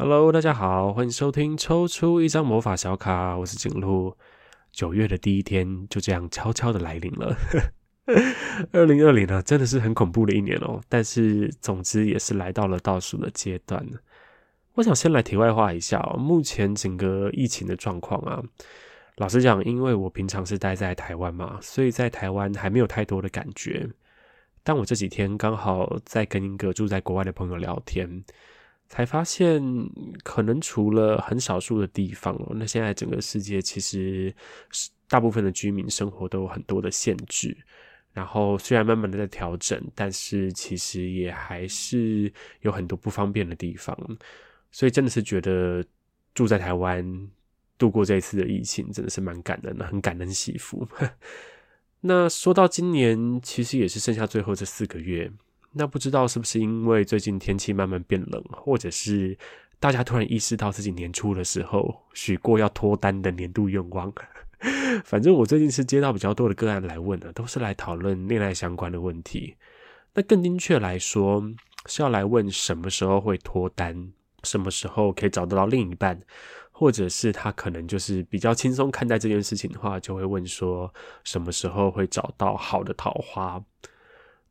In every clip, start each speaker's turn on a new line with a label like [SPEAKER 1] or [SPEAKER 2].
[SPEAKER 1] Hello，大家好，歡迎收聽抽出一張魔法小卡。我是錦鹿。九月的第一天就這樣悄悄的來臨了。二零二零呢，真的是很恐怖的一年哦、喔。但是，總之也是來到了倒數的階段。我想先來題外話一下喔，目前整個疫情的狀況啊，老實講，因為我平常是待在台灣嘛，所以在台灣還沒有太多的感覺。但我這幾天剛好在跟一個住在國外的朋友聊天。才發現，可能除了很少數的地方哦，那現在整個世界其實是大部分的居民生活都有很多的限制，然後雖然慢慢的在調整，但是其實也還是有很多不方便的地方，所以真的是覺得住在台灣度過這一次的疫情，真的是蠻感恩的，很感恩惜福。 那說到今年，其實也是剩下最後這四個月。那不知道是不是因為最近天氣慢慢變冷，或者是大家突然意識到自己年初的時候許過要脫單的年度願望？ 反正我最近是接到比較多的個案來問的啊，都是來討論戀愛相關的問題。那更精確來說，是要來問什麼時候會脫單，什麼時候可以找得到另一半，或者是他可能就是比較輕鬆看待這件事情的話，就會問說什麼時候會找到好的桃花。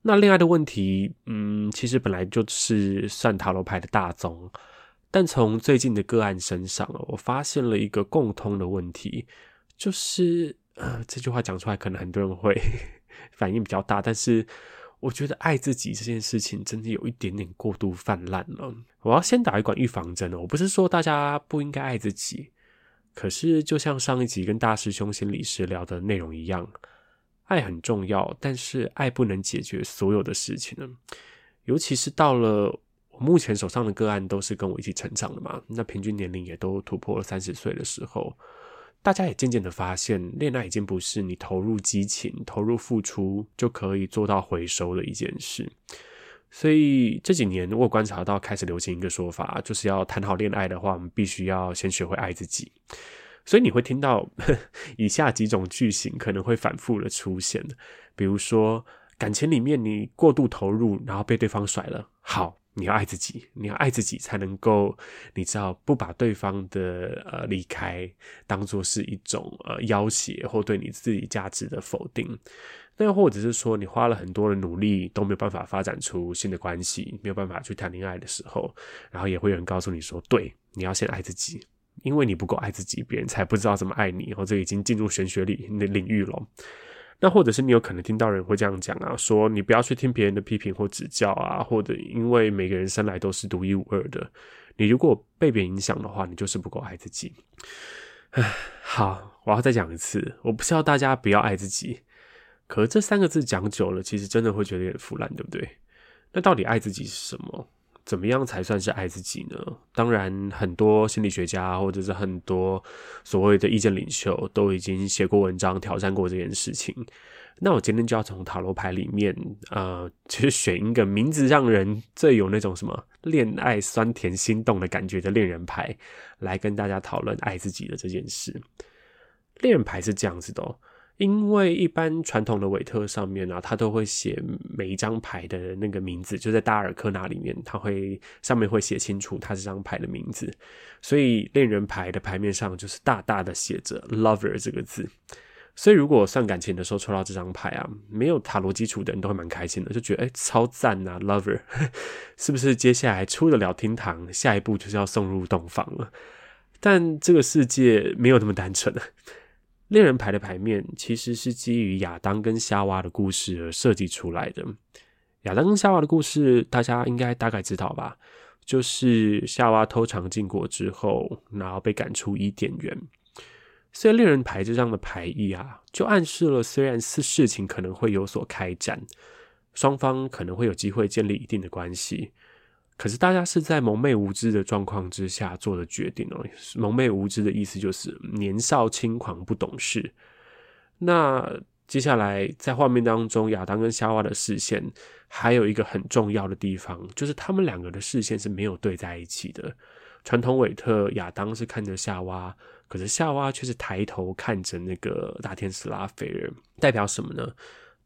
[SPEAKER 1] 那戀愛的問題，嗯，其實本來就是算塔羅牌的大宗，但從最近的個案身上，我發現了一個共通的問題，就是，呃，這句話講出來，可能很多人會反應比較大，但是我覺得愛自己這件事情真的有一點點過度泛濫了。我要先打一管預防針，我不是說大家不應該愛自己，可是就像上一集跟大師兄心理師聊的內容一樣。愛很重要，但是愛不能解決所有的事情呢。尤其是到了我目前手上的個案，都是跟我一起成長的嘛，那平均年齡也都突破了三十歲的時候，大家也漸漸的發現，戀愛已經不是你投入激情、投入付出就可以做到回收的一件事。所以這幾年，我觀察到開始流行一個說法，就是要談好戀愛的話，我們必須要先學會愛自己。所以你會聽到呵，以下幾種句型可能會反覆的出現，比如說感情裡面你過度投入，然後被對方甩了，好，你要愛自己，你要愛自己才能夠，你知道不把對方的呃離開當做是一種呃要挾或對你自己價值的否定，那又或者是說你花了很多的努力都沒有辦法發展出新的關係，沒有辦法去談戀愛的時候，然後也會有人告訴你說，對，你要先愛自己。因為你不夠愛自己，別人才不知道怎麼愛你。哦，這已經進入玄學裡那領域了。那或者是你有可能聽到人會這樣講啊，說你不要去聽別人的批評或指教啊，或者因為每個人生來都是獨一無二的，你如果被別人影響的話，你就是不夠愛自己。唉，好，我要再講一次，我不希望大家不要愛自己，可這三個字講久了，其實真的會覺得有點腐爛，對不對？那到底愛自己是什麼？怎麼樣才算是愛自己呢？當然，很多心理學家或者是很多所謂的意見領袖都已經寫過文章挑戰過這件事情。那我今天就要從塔羅牌裡面，呃，就是選一個名字讓人最有那種什麼戀愛酸甜心動的感覺的戀人牌，來跟大家討論愛自己的這件事。戀人牌是這樣子的哦。因為一般傳統的韋特上面啊，他都會寫每一張牌的那個名字，就在大阿爾克那裡面，他會上面會寫清楚他這張牌的名字，所以戀人牌的牌面上就是大大的寫着 “lover” 這個字，所以如果算感情的時候抽到這張牌啊，沒有塔羅基礎的人都會蠻開心的，就覺得誒、欸、超讚啊，lover， 是不是接下來出得了廳堂，下一步就是要送入洞房了？但這個世界沒有那麼單純、啊。戀人牌的牌面其實是基於亞當跟夏娃的故事而設計出來的。亞當跟夏娃的故事大家應該大概知道吧？就是夏娃偷嘗禁果之後，然後被趕出伊甸園。所以戀人牌這張的牌意啊，就暗示了雖然事事情可能會有所開展，雙方可能會有機會建立一定的關係。可是大家是在蒙昧無知的狀況之下做的決定哦。蒙昧無知的意思就是年少輕狂、不懂事。那接下來在畫面當中，亞當跟夏娃的視線還有一個很重要的地方，就是他們兩個的視線是沒有對在一起的。傳統韋特，亞當是看着夏娃，可是夏娃卻是抬頭看着那個大天使拉斐爾，代表什麼呢？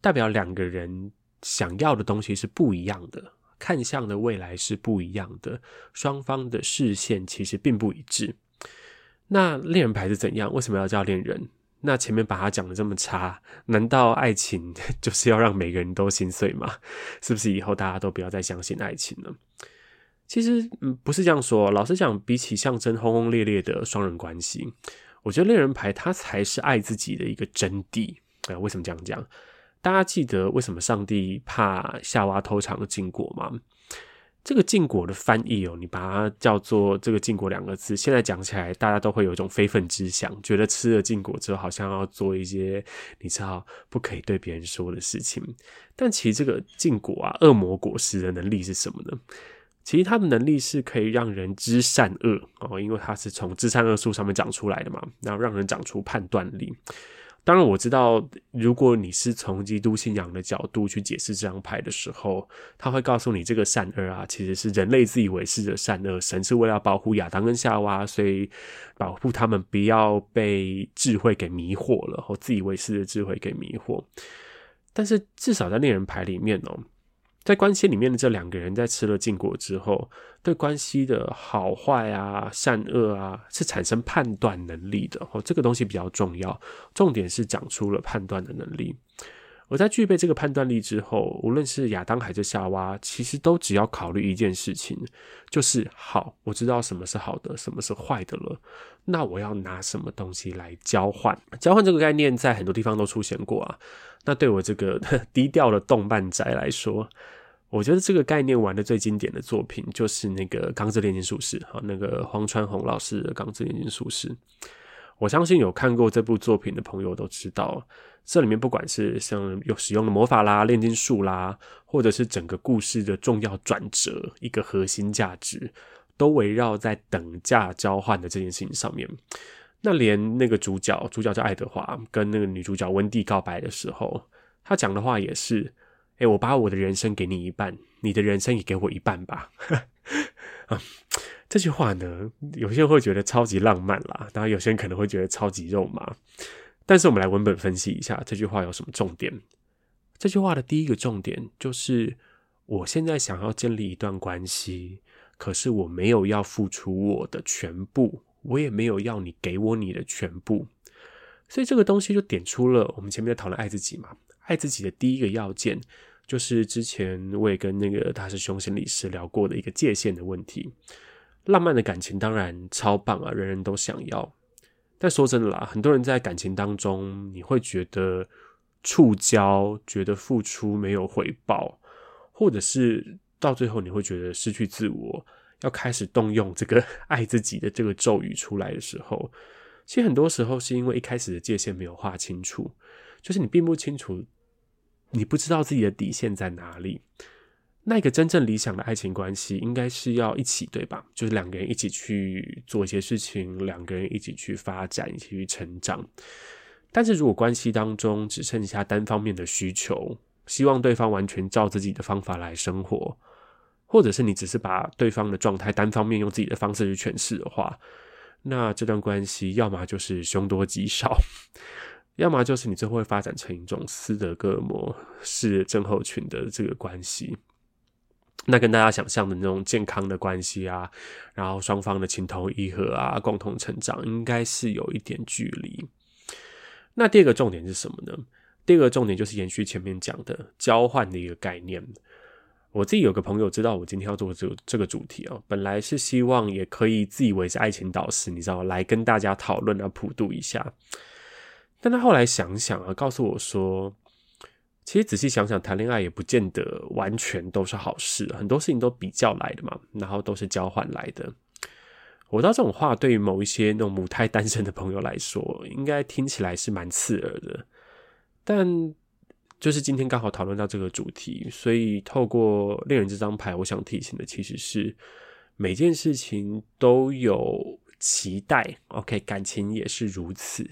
[SPEAKER 1] 代表兩個人想要的東西是不一樣的。看向的未來是不一樣的，雙方的視線其實並不一致。那戀人牌是怎樣？為什麼要叫戀人？那前面把它講得這麼差，難道愛情就是要讓每個人都心碎嗎？是不是以後大家都不要再相信愛情了？其實、嗯、不是這樣說。老實講，比起象徵轟轟烈烈的雙人關係，我覺得戀人牌它才是愛自己的一個真諦。啊、呃，為什麼這樣講？大家記得為什麼上帝怕夏娃偷嘗禁果嗎？這個禁果的翻譯哦，你把它叫做這個“禁果”兩個字，現在講起來，大家都會有一種非分之想，覺得吃了禁果之後，好像要做一些你知道不可以對別人說的事情。但其實這個禁果啊，惡魔果實的能力是什麼呢？其實它的能力是可以讓人知善惡哦，因為它是從知善惡樹上面長出來的嘛，然後讓人長出判斷力。當然，我知道，如果你是從基督信仰的角度去解釋這張牌的時候，他會告訴你，這個善惡啊，其實是人類自以為是的善惡。神是為了保護亞當跟夏娃，所以保護他們不要被智慧給迷惑了，或自以為是的智慧給迷惑。但是，至少在戀人牌裡面哦。在關係裡面的這兩個人，在吃了禁果之後，對關係的好壞啊、善惡啊，是產生判斷能力的。哦，這個東西比較重要，重點是講出了判斷的能力。我在具備這個判斷力之後，無論是亞當還是夏娃，其實都只要考慮一件事情，就是好。我知道什麼是好的，什麼是壞的了。那我要拿什麼東西來交換？交換這個概念在很多地方都出現過啊。那對我這個低調的動漫宅來說，我覺得這個概念玩的最經典的作品就是那個鋼製《鋼之鍊金術師》，好，那個荒川弘老師的鋼製術師《鋼之鍊金術師》。我相信有看過這部作品的朋友都知道，這裡面不管是像有使用的魔法啦、煉金術啦，或者是整個故事的重要轉折、一個核心價值，都圍繞在等價交換的這件事情上面。那連那個主角，主角叫愛德華，跟那個女主角溫蒂告白的時候，他講的話也是：“誒、欸、我把我的人生給你一半，你的人生也給我一半吧。 ”這句話呢，有些人會覺得超級浪漫啦，然後有些人可能會覺得超級肉麻。但是我們來文本分析一下這句話有什麼重點。這句話的第一個重點就是，我現在想要建立一段關係，可是我沒有要付出我的全部，我也沒有要你給我你的全部。所以這個東西就點出了我們前面在討論愛自己嘛，愛自己的第一個要件就是之前我也跟那個大師兄心理師聊過的一個界限的問題。浪漫的感情當然超棒啊，人人都想要。但說真的啦，很多人在感情當中，你會覺得觸礁，覺得付出沒有回報，或者是到最後你會覺得失去自我，要開始動用這個愛自己的這個咒語出來的時候，其實很多時候是因為一開始的界限沒有劃清楚，就是你並不清楚，你不知道自己的底線在哪裡。那一個真正理想的愛情關係應該是要一起，對吧？就是兩個人一起去做一些事情，兩個人一起去發展、一起去成長。但是如果關係當中只剩下單方面的需求，希望對方完全照自己的方法來生活，或者是你只是把對方的狀態單方面用自己的方式去詮釋的話，那這段關係要麼就是兇多吉少， 要麼就是你最後會發展成一種斯德哥爾摩式症候群的這個關係。那跟大家想象的那種健康的關係啊，然後雙方的情投意合啊，共同成長，應該是有一點距離。那第二個重點是什麼呢？第二個重點就是延續前面講的交換的一個概念。我自己有個朋友知道我今天要做這這個主題哦、啊，本來是希望也可以自以為是愛情導師，你知道，來跟大家討論啊，普度一下。但他後來想想啊，告訴我說。其實仔細想想，談戀愛也不見得完全都是好事，很多事情都比較來的嘛，然後都是交換來的。我知道這種話對於某一些那種母胎單身的朋友來說，應該聽起來是蠻刺耳的。但就是今天剛好討論到這個主題，所以透過戀人這張牌，我想提醒的其實是每件事情都有期待，OK，感情也是如此。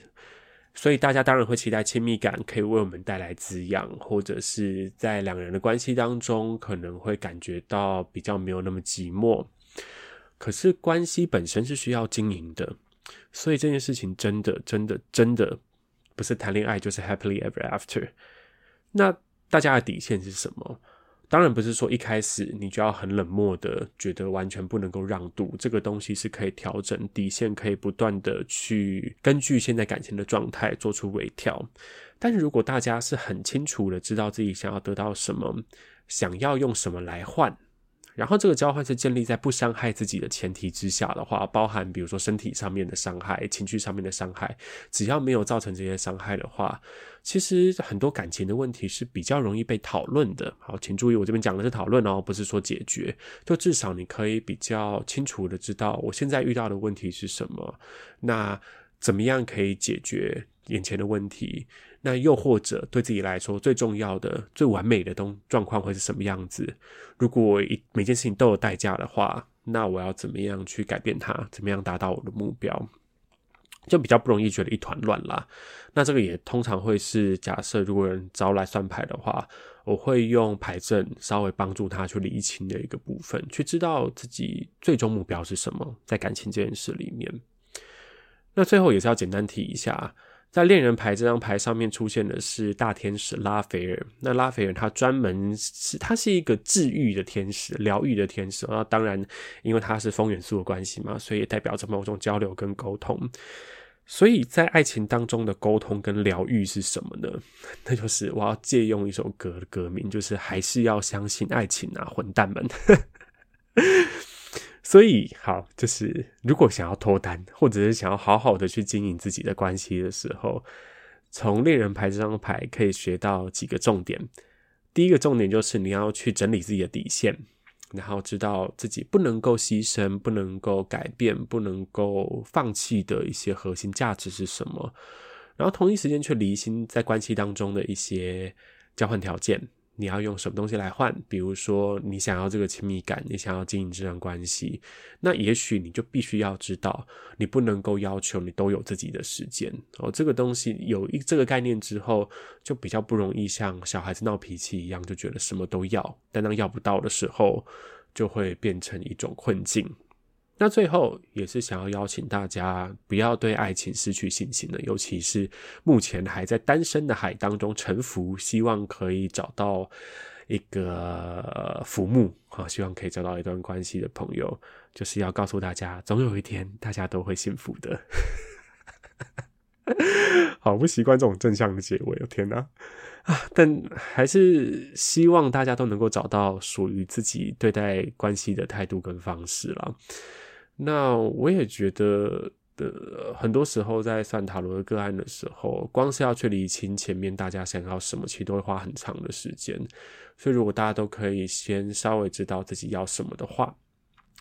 [SPEAKER 1] 所以大家當然會期待親密感可以為我們帶來滋養，或者是在兩個人的關係當中，可能會感覺到比較沒有那麼寂寞。可是關係本身是需要經營的，所以這件事情真的真的真的不是談戀愛就是 happily ever after。那大家的底線是什麼？當然不是說一開始你就要很冷漠的，覺得完全不能夠讓渡，這個東西是可以調整底線，可以不斷的去根據現在感情的狀態做出微調。但是如果大家是很清楚的知道自己想要得到什麼，想要用什麼來換。然後，這個交換是建立在不傷害自己的前提之下的話，包含比如說身體上面的傷害、情緒上面的傷害，只要沒有造成這些傷害的話，其實很多感情的問題是比較容易被討論的。好，請注意，我這邊講的是討論哦，然後不是說解決。就至少你可以比較清楚的知道我現在遇到的問題是什麼，那怎麼樣可以解決？眼前的問題，那又或者對自己來說最重要的、最完美的東狀況會是什麼樣子？如果每件事情都有代價的話，那我要怎麼樣去改變它？怎麼樣達到我的目標？就比較不容易覺得一團亂啦。那這個也通常會是假設，如果有人找來算牌的話，我會用牌陣稍微幫助他去理清的一個部分，去知道自己最終目標是什麼，在感情這件事裡面。那最後也是要簡單提一下。在戀人牌這張牌上面出現的是大天使拉斐爾。那拉斐爾他專門是，他是一個治癒的天使、療癒的天使。那、啊、當然，因為他是風元素的關係嘛，所以也代表着某種交流跟溝通。所以在愛情當中的溝通跟療癒是什麼呢？那就是我要借用一首歌的歌名，就是還是要相信愛情啊，混蛋們。 所以，好，就是如果想要脫單，或者是想要好好的去經營自己的關係的時候，從戀人牌這張牌可以學到幾個重點。第一個重點就是你要去整理自己的底線，然後知道自己不能夠犧牲、不能夠改變、不能夠放棄的一些核心價值是什麼，然後同一時間去釐清在關係當中的一些交換條件。你要用什麼東西來換？比如說，你想要這個親密感，你想要經營這段關係，那也許你就必須要知道，你不能夠要求你都有自己的時間哦。這個東西有一這個概念之後，就比較不容易像小孩子鬧脾氣一樣，就覺得什麼都要。但當要不到的時候，就會變成一種困境。那最後也是想要邀請大家不要對愛情失去信心了，尤其是目前還在單身的海當中沉浮，希望可以找到一個浮木，哈、啊，希望可以找到一段關係的朋友，就是要告訴大家，總有一天大家都會幸福的。 好，不習慣這種正向的結尾，天哪！啊，但還是希望大家都能夠找到屬於自己對待關係的態度跟方式啦。那我也覺得，的，很多時候在算塔羅的個案的時候，光是要去理清前面大家想要什麼，其實都會花很長的時間。所以，如果大家都可以先稍微知道自己要什麼的話，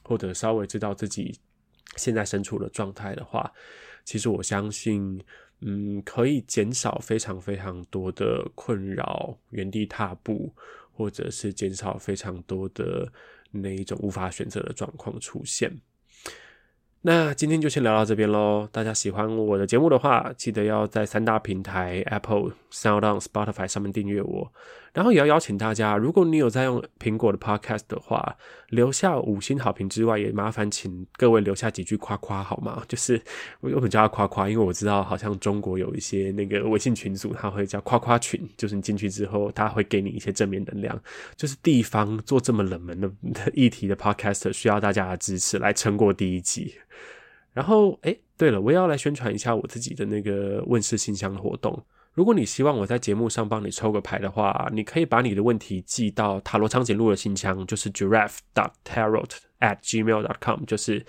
[SPEAKER 1] 或者稍微知道自己現在身處的狀態的話，其實我相信，嗯，可以減少非常非常多的困擾、原地踏步，或者是減少非常多的那一種無法選擇的狀況出現。那今天就先聊到這邊嘍。大家喜歡我的節目的話，記得要在三大平台 Apple、SoundOn Spotify 上面訂閱我，然後也要邀請大家，如果你有在用蘋果的 Podcast 的話，留下五星好評之外，也麻煩請各位留下幾句誇誇，好嗎？就是我有可能叫他誇誇，因為我知道好像中國有一些那個微信群組，他會叫誇誇群，就是你進去之後，他會給你一些正面能量。就是地方做這麼冷門的議題的 Podcast，需要大家的支持來撐過第一集。然後，哎、欸，對了，我也要來宣傳一下我自己的那個問世信箱的活動。如果你希望我在節目上幫你抽個牌的話，你可以把你的問題寄到塔羅長頸鹿的信箱，就是 giraffe dot tarot at gmail dot com，就是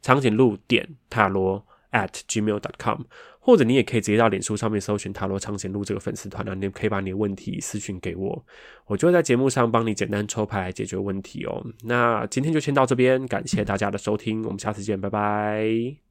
[SPEAKER 1] 長頸鹿點塔羅 at gmail dot com，或者你也可以直接到臉書上面搜尋塔羅長頸鹿這個粉絲團啊，然後你可以把你的問題私訊給我，我就會在節目上幫你簡單抽牌來解決問題哦。那今天就先到這邊，感謝大家的收聽，我們下次見，拜拜。